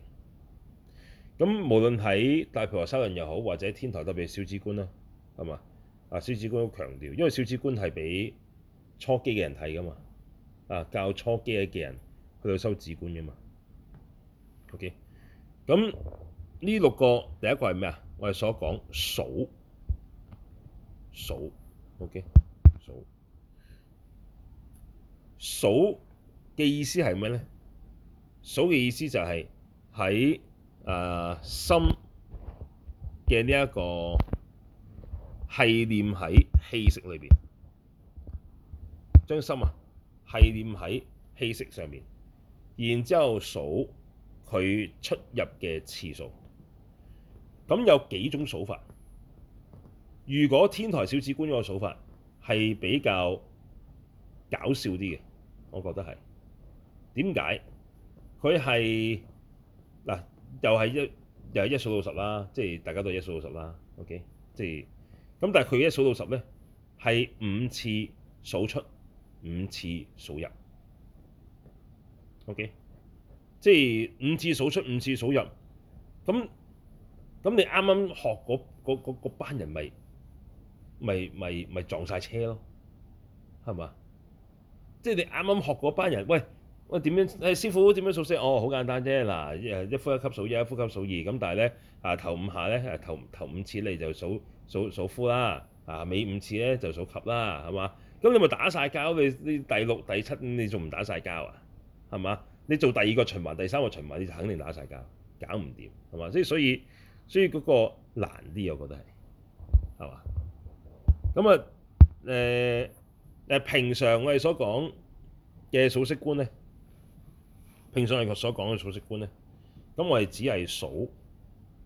[SPEAKER 1] 咁無論喺大毗婆沙論又好，或者天台特別小止觀啦，係嘛？啊，小止觀強調，因為小止觀係俾初機嘅人睇噶嘛，啊，教初機嘅人去修止觀噶嘛，OK。咁呢六個第一個係咩啊？我哋所講數數,數，OK。數嘅意思係咩呢？數嘅意思就是在、呃的這個、係喺誒心嘅呢一個係念喺氣息裏邊，將心啊係念喺氣息上面，然之後數佢出入嘅次數。咁有幾種數法？如果天台小止觀嘅數法係比較搞笑啲嘅。我覺得係點解佢係嗱又係一又係一數到十啦，即係大家都一數到十啦。OK，即係咁，但係佢一數到十咧係五次數出，五次數入。OK，即係五次數出，五次數入。咁咁你啱啱學嗰嗰嗰嗰班人咪咪咪咪撞晒車咯，係嘛？即係你啱啱學嗰班人，喂喂點樣？誒、哎、師傅點樣數先？哦，好簡單啫。嗱誒，一呼一吸數一，一呼一吸數二。咁但係咧啊，頭五下咧誒，頭頭五次你就數數數呼啦啊，尾五次咧就數吸啦，係嘛？咁你咪打晒交？你你第六、第七，你仲唔打晒交啊？係嘛？你做第二個循環，第三個循環，你就肯定打晒交，搞唔掂係嘛？所以所以所以嗰個難啲，我覺得係係嘛？咁啊誒。誒平常我哋所講嘅數息觀呢，平常我哋所講嘅數息觀呢，咁我哋只係數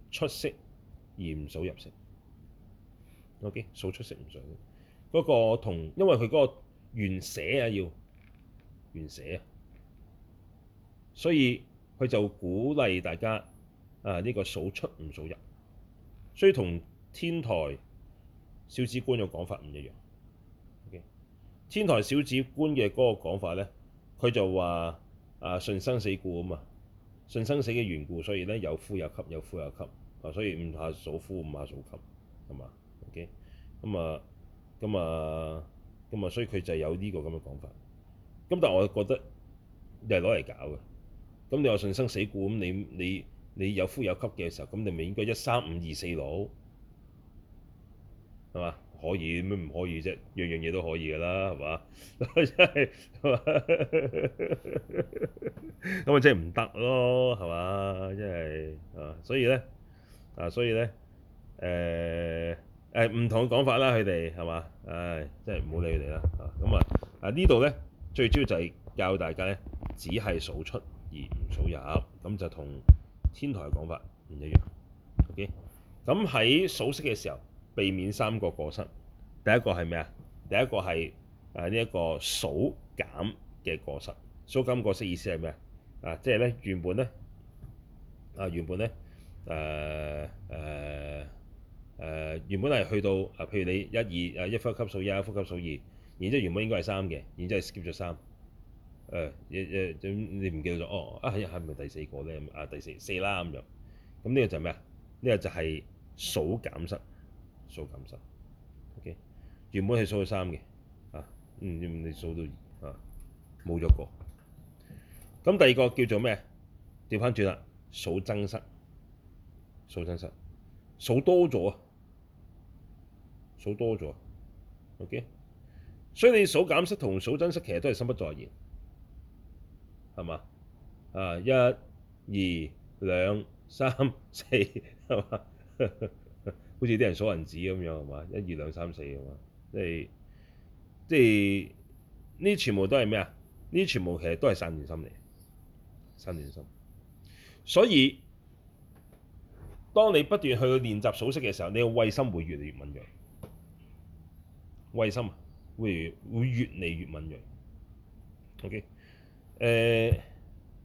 [SPEAKER 1] 出息而唔數入息。OK，數出息唔數入。嗰、那個同因為佢嗰個原寫啊要原寫啊，所以佢就鼓勵大家啊呢、這個數出唔數入，所以同天台小止觀嘅講法唔一樣。天台小止觀嘅嗰個講法咧，佢就話啊信生死故啊嘛，信生死嘅緣故，所以咧有呼有吸有呼有吸啊，所以唔怕數呼唔怕數吸係嘛？OK 咁啊咁啊咁啊，所以佢就有呢、這個咁嘅講法。咁但係我覺得又係攞嚟搞嘅。咁你話信生死故咁，你你你有呼有吸嘅時候，咁你咪應該一三五二四六係嘛？可以點唔可以啫？樣樣嘢都可以噶啦，係嘛？咁 啊真係，咁啊真係唔得咯，係嘛？真係啊，所以咧啊，所以咧誒誒唔同嘅講法啦，佢哋係嘛？唉、哎，真係唔好理佢哋啦啊！咁啊啊，啊呢度咧最主要就係教大家咧，只係數出而唔數入，咁就同天台嘅講法唔一樣。OK，咁喺數息嘅時候，避免三個，個過失，第一個係咩啊？第一個係誒呢一個數減嘅過失。數減過失意思係咩啊，啊？啊，即係咧原本咧啊原本咧誒誒誒原本係去到啊，譬如你一二啊，一呼吸數一，呼吸數二，二二二二然之後原本應該係三嘅，然之後 skip 咗三誒誒、啊，你唔記得咗哦啊係係咪第四個咧？啊第四四啦咁樣。咁呢個就係咩啊？呢、這個就係數減失。數減失，OK，原本係數到三嘅，啊，嗯，你數到二啊，冇咗個。咁第二個叫做咩？調返轉啦，數增失，數增失，數多咗啊，數多咗，OK。所以你數減失同數增失其實都係心不在焉，係嘛？啊，一、二、兩、三、四，係嘛？好似啲人數銀紙咁樣係嘛，1, 2, 3, 一二兩三四咁啊，即係即係呢全部都係咩啊？呢全部其實都係散念心嚟，散念心。所以當你不斷去練習數息嘅時候，你嘅慧心會越嚟越敏銳。慧心會越會越嚟越敏銳。OK，誒、呃，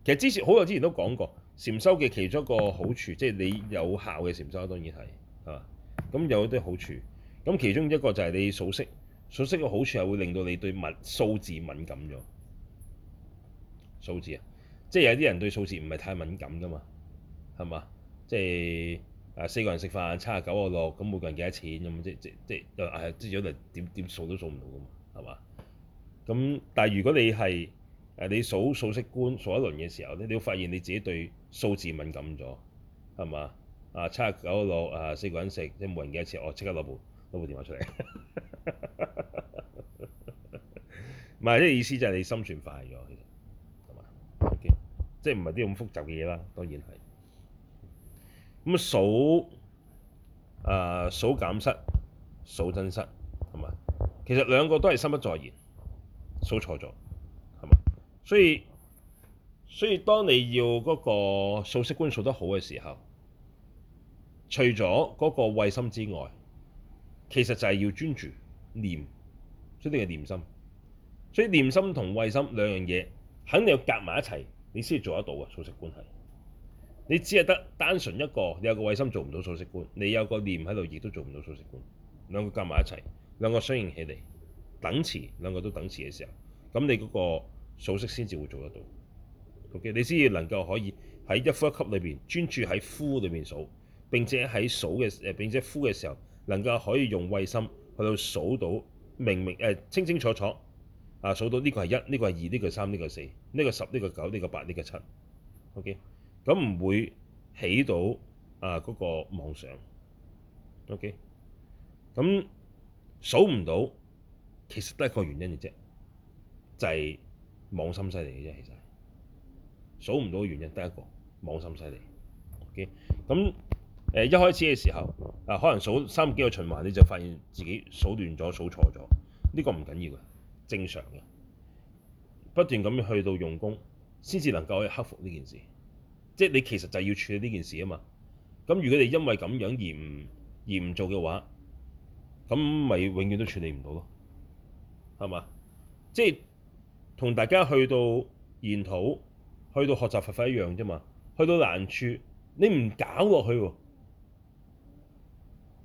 [SPEAKER 1] 其實之前好耐之前都講過，禪修嘅其中一個好處，即、就、係、是、你有效嘅禪修當然係啊。咁有一啲好處，咁其中一個就係你數息數息嘅好處係會令到你對文數字敏感咗，數字啊，即係有啲人對數字唔係太敏感噶嘛，係嘛？即係啊四個人食飯七啊九啊六，咁每個人幾多錢咁，即即即又係即咗嚟點點數都數唔到噶嘛，係嘛？咁但係如果你係誒你數數息觀數一輪嘅時候，你會發現你自己對數字敏感咗，係嘛？啊七啊九六，啊四個人食，即係冇人嘅一次，我即刻攞部攞部電話出嚟。唔係即係意思，就係你心存快咗，其實係嘛？O.K.，即係唔係啲咁複雜嘅嘢啦，當然係。咁啊數啊數減失，數增失，係嘛？其實兩個都係心不在焉，數錯咗，係嘛？所以所以當你要嗰個數息觀數得好嘅時候，除咗嗰個慧心之外，其實就係要專注念，所以呢個念心。所以念心同慧心兩樣嘢，肯定要夾埋一齊，你先做得到啊！數息觀係你只係得單純一個你有個慧心做唔到數息觀，你有個念喺度亦都做唔到數息觀。兩個夾埋一齊，兩個相應起嚟等持，兩個都等持嘅時候，咁你嗰個數息先至會做得到。O.K.，你先至能夠可以喺一呼一吸裏邊專注喺呼裏面數。並且喺數嘅誒，並且呼嘅時候能夠可以用慧心去到數到明明誒、啊、清清楚楚啊數到呢個係一，呢個係二，呢個係三，呢個係四，呢個十，呢個九，呢個八，呢個七。OK，咁唔會起到啊嗰、那個妄想。OK，咁數唔到其實都係一個原因嘅啫，就係、是、妄心犀利嘅啫。其實數唔到嘅原因得一個妄心犀利。OK，咁。誒、呃、一開始嘅時候，啊可能數三幾個循環，你就發現自己數亂咗、數錯咗，呢、這個唔緊要嘅，正常嘅。不斷咁去到用功，先至能夠去克服呢件事。即係你其實就要處理呢件事啊嘛。咁如果你因為咁樣而唔而唔做嘅話，咁咪永遠都處理唔到咯，係嘛？即係同大家去到研討、去到學習佛法一樣啫嘛。去到難處，你唔搞落去喎。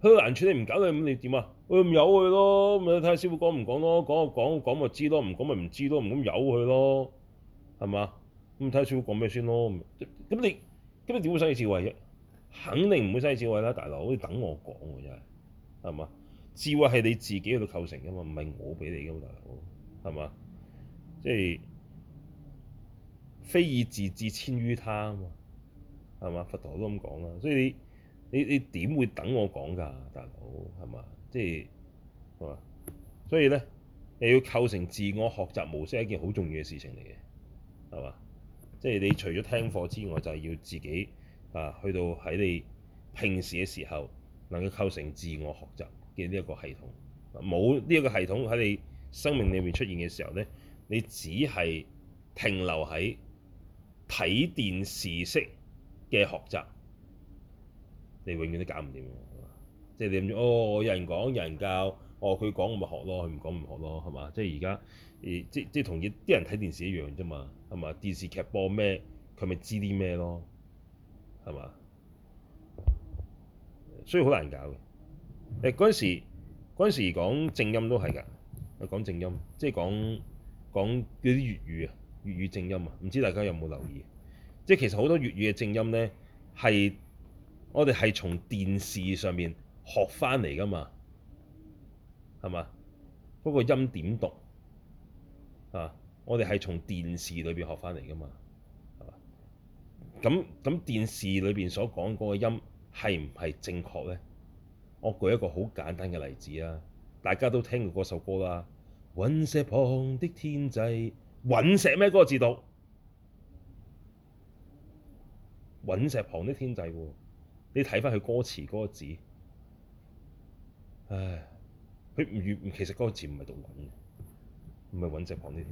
[SPEAKER 1] 佢難處你唔搞佢咁你點啊？我唔由佢咯，咪睇下師傅講唔講咯？講就講，講咪知咯；唔講咪唔知咯，唔敢由佢咯，係嘛？咁睇下師傅講咩先咯。咁你今日點會失去智慧啫？肯定唔會失去智慧啦，大佬。你等我講嘅真係係嘛？智慧係你自己喺度構成噶嘛，唔係我俾你噶嘛，大佬，係嘛？即係非以自智遷於他啊嘛，係嘛？佛陀都咁講啊，所以你。你你點會等我講㗎，大佬，係嘛？即係啊，所以咧，你要構成自我學習模式係一件好重要嘅事情嚟嘅，係嘛？即係你除咗聽課之外，就係要自己啊，去到喺你平時嘅時候能夠構成自我學習嘅呢一個系統。冇呢一個系統喺你生命裏面出現嘅時候咧，你只係停留喺睇電視式嘅學習。你永遠都搞唔掂嘅，即係你諗住哦，有人講有人教，哦佢講我咪學咯，佢唔講唔學咯，係嘛？即係而家即即係同啲人睇電視一樣啫嘛，係嘛？電視劇播咩，佢咪知啲咩咯，係嘛？所以好難搞嘅。誒嗰陣時嗰陣時講正音都係㗎，講正音即係講講嗰啲粵語啊，粵語正音啊，唔知大家有冇留意？即係其實好多粵語嘅正音呢，係，我哋係從電視上面學翻嚟㗎嘛，係嘛？嗰個音點讀啊？我哋係從電視裏邊學翻嚟㗎嘛，係嘛？咁咁電視裏邊所講嗰個音係唔係正確咧？我舉一個好簡單嘅例子啊，大家都聽過嗰首歌啦，《隕石旁的天際》，隕石咩？嗰個字讀隕石旁的天際喎。你睇返佢歌詞嗰個字，唉，佢唔完，其實嗰個字唔係讀穩嘅，唔係穩石旁呢啲。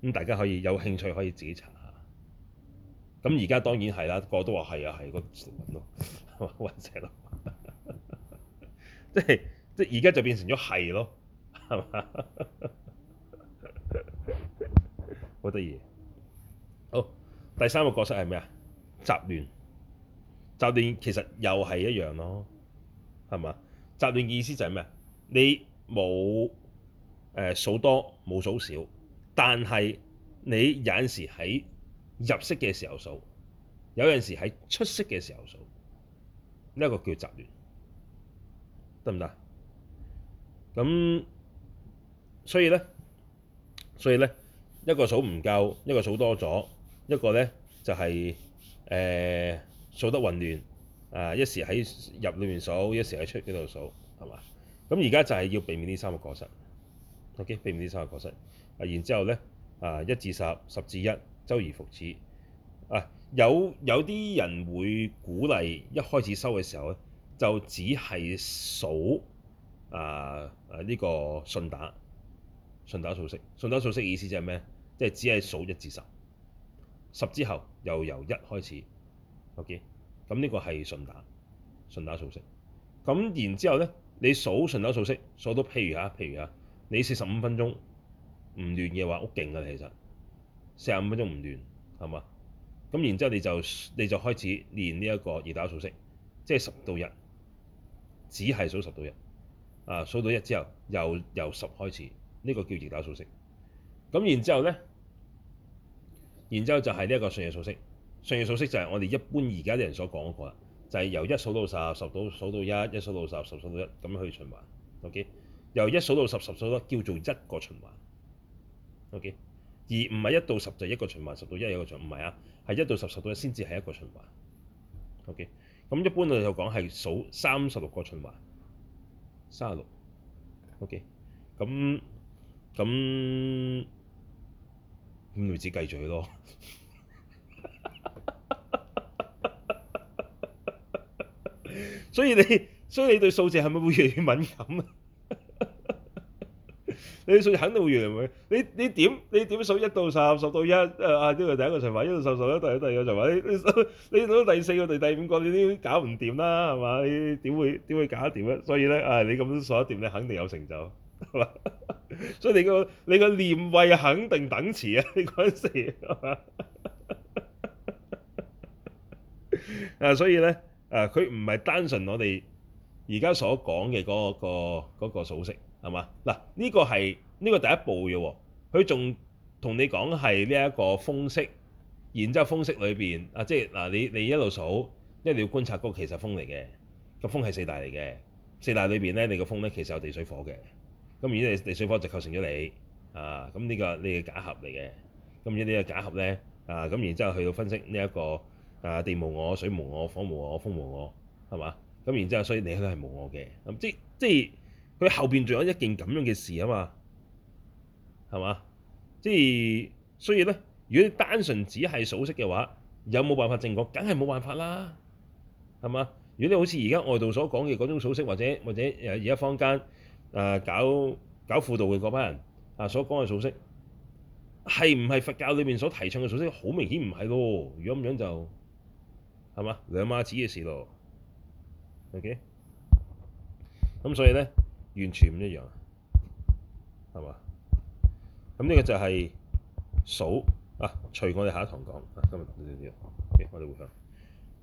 [SPEAKER 1] 咁、嗯、大家可以有興趣可以自己查下。咁而家當然係啦，個個都話係啊，係個字讀穩咯，係嘛穩石咯。即係即係而家就變成咗係咯，係嘛？好得意。好，第三個角色係咩啊？雜亂，雜亂其實又係一樣咯，係嘛？雜亂意思就係咩？你冇誒數多冇數少，但係你有陣時喺入息嘅時候數，有陣時喺出息嘅時候數，呢一個叫雜亂，得唔得？咁所以呢，所以咧，一個數唔夠，一個數多咗，一個呢就係。誒、呃、數得混亂啊！一時喺入裏面數，一時喺出嗰度數，係嘛？咁而家就係要避免呢三個過失。OK，避免呢三個過失。啊，然之後咧啊，一至十，十至一，周而復始。啊，有有啲人會鼓勵一開始收嘅時候咧，就只係數啊啊呢、這個順打順打數息。順打數息意思就係咩？即係只係數一至十，十之後。又由一開始，OK，咁呢個係順打，順打數息。咁然之後呢，你數順打數息，數到譬如嚇，譬如嚇，你四十五分鐘唔亂嘅話，屋勁㗎，其實四十五分鐘唔亂，係嘛？咁然之後你就你就開始練呢一個逆打數息，即係十到一，只係數十到一。啊，數到一之後，又由十開始，呢個叫逆打數息。咁然之後呢。然之後就係呢一個信嘢數式，信嘢數式就係我哋一般而家啲人所講嗰個啦，就係、是、由一數到十，十到數到一，一數到十，十數到一，咁去循環。OK，由一數到十，十數到一，叫做一個循環。OK，而唔係一到十就係一個循環，十到一又一個循。唔係啊，係一到十，十到一先至係一個循環。OK，咁一般我哋就講係數三十六個循環，三十六。OK，咁咁。咁你只繼續咯，所以你所以你對數字係咪會越嚟越敏感啊？ 你數字肯定會越嚟越敏感。你你點你點數一到十，十到一啊！呢、啊、個第一個循環，一到十，十到第二個循環。你你、啊、你到第四個、第第五個，你都搞唔掂啦，係嘛？你點會點會搞得掂咧？所以咧，啊你咁數得掂咧，你肯定有成就。所以你個你個念位肯定等次啊！你嗰陣時是、 啊、所以咧誒，佢唔係單純我哋而家所講嘅嗰個嗰、嗰個嗰個數息係嘛？嗱，呢、啊呢個係呢、呢個第一步嘅喎，佢仲同你講係呢一個風息，然之後風息裏邊啊，即係嗱你你一路數，因為你要觀察個其實是風嚟嘅、嗰個風係四大嚟嘅，四大裏邊咧你個風咧其實有地水火嘅。咁而家你地水火就構成咗你啊！咁、這、呢個呢個假合嚟嘅。咁而家呢個假合咧啊！咁然之後去到分析呢、這、一個啊地無我、水無我、火無我、風無我，係嘛？咁然之後，所以你都係冇我嘅。咁、啊、即即係佢後邊仲有一件咁樣嘅事啊嘛，係嘛？即係所以咧，如果你單純只係數息嘅話，有冇辦法正確？梗係冇辦法啦，係嘛？如果你好似而家外道所講嘅嗰種數息，或者或者誒而家坊間，誒、啊、搞搞輔導嘅嗰班人啊，所講嘅數息係唔係佛教裏面所提倡嘅數息？好明顯唔係咯，如果咁樣就係嘛，兩碼子嘅事咯。OK，咁所以咧完全唔一樣，係嘛？咁呢個就係數啊，隨我哋下一堂講啊，今日講到呢啲，OK，我哋會上。